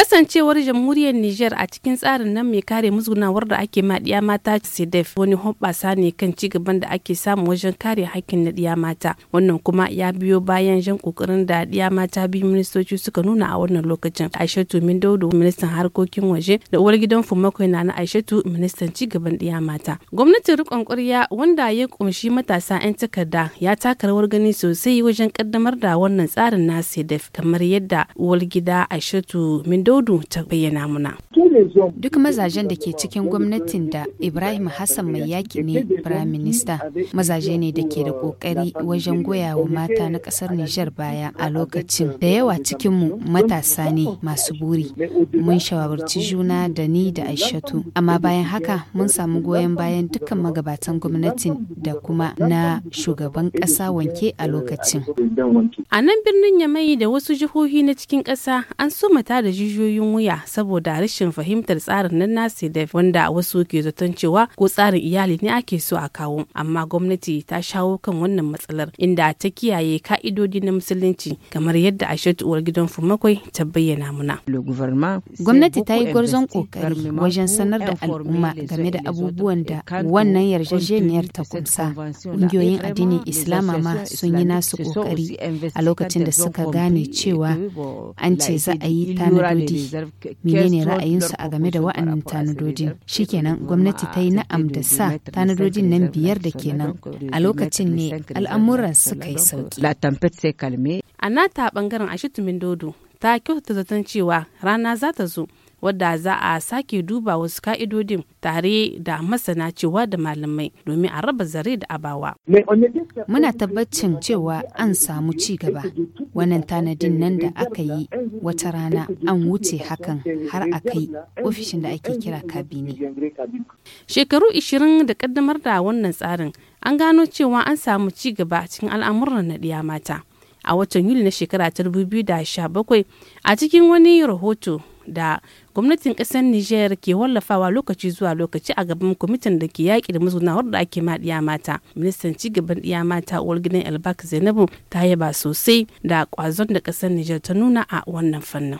kasancewar jamhuriyar niger a cikin tsarin nan mai kare musgunawar da ake ma ɗiya mata sedef wani hoɓɓasa ne kan ci gaban da ake samu wajen kare hakkin na ɗiya mata wannan kuma ya biyo bayan jan kokarin da ɗiya mata biyu ministoci suka nuna a wannan lokacin aishatu daudu ministan harkokin waje da uwar gidan fumakwai na na aishatu ministan ci gaban ɗiya mata gwamnatin rikon ƙwarya wanda ya ƙunshi matasa 'yan takarda ya taka rawar gani sosai wajen ƙaddamar da wannan tsarin na sedef kamar yadda uwar gida aishatu min Daudu ta bayyana muna. Duk mazajen da ke cikin gwamnatin da Ibrahim Hassan mai yaki ne Prime Minister mazaje ne da ke da kokari wajen goya wa mata na kasar Nijar baya a lokacin. Da yawa cikinmu matasa ne masu buri. Mun shawarci juna da ni da Aishatu. Amma bayan haka mun samu goyon bayan dukkan magabatan gwamnatin da kuma na shugaban ƙasa wanke a lokacin. A nan birnin Yamai da wasu jihohi na cikin ƙasa an so mata da juju jijiyoyin wuya saboda rashin fahimtar tsarin nan na sedef wanda wasu ke zaton cewa ko tsarin iyali ne ake so a kawo amma gwamnati ta shawo kan wannan matsalar inda ta kiyaye ka'idodi na musulunci kamar yadda a uwar gidan fumakwai ta bayyana muna gwamnati ta yi gwarzon kokari wajen sanar da al'umma game da abubuwan da wannan yarjejeniyar ta kumsa ƙungiyoyin addinin islama ma sun yi nasu kokari a lokacin da suka gane cewa an ce za a yi tanadin tanadi menene ra'ayinsu a game da wa'annan shi kenan gwamnati ta yi na'am da sa tanadojin nan biyar da kenan a lokacin ne al'amuran suka yi sauki a nata bangaren ashitumin dodo ta kyautata zaton cewa rana za ta zo wadda za a sake duba wasu ka'idodin tare da masana cewa da malamai domin a raba zare da abawa. Muna tabbacin cewa an samu ci gaba. Wannan tanadin nan da aka yi wata rana an wuce hakan har a kai ofishin da ake kira kabini. Shekaru 20 da kaddamar da wannan tsarin an gano cewa an samu ci gaba cikin al'amuran na ɗiya mata. a watan yuli na shekara 2017 a cikin wani rahoto da gwamnatin ƙasar Nijar ke wallafawa lokaci zuwa lokaci a gaban kwamitin da ke yaƙi da mazunawar da ake ma ɗiya mata. Ministan gaban ɗiya mata uwar gidan Elbak Zainabu ta yaba sosai da ƙwazon da ƙasar Nijar ta nuna a wannan fannin.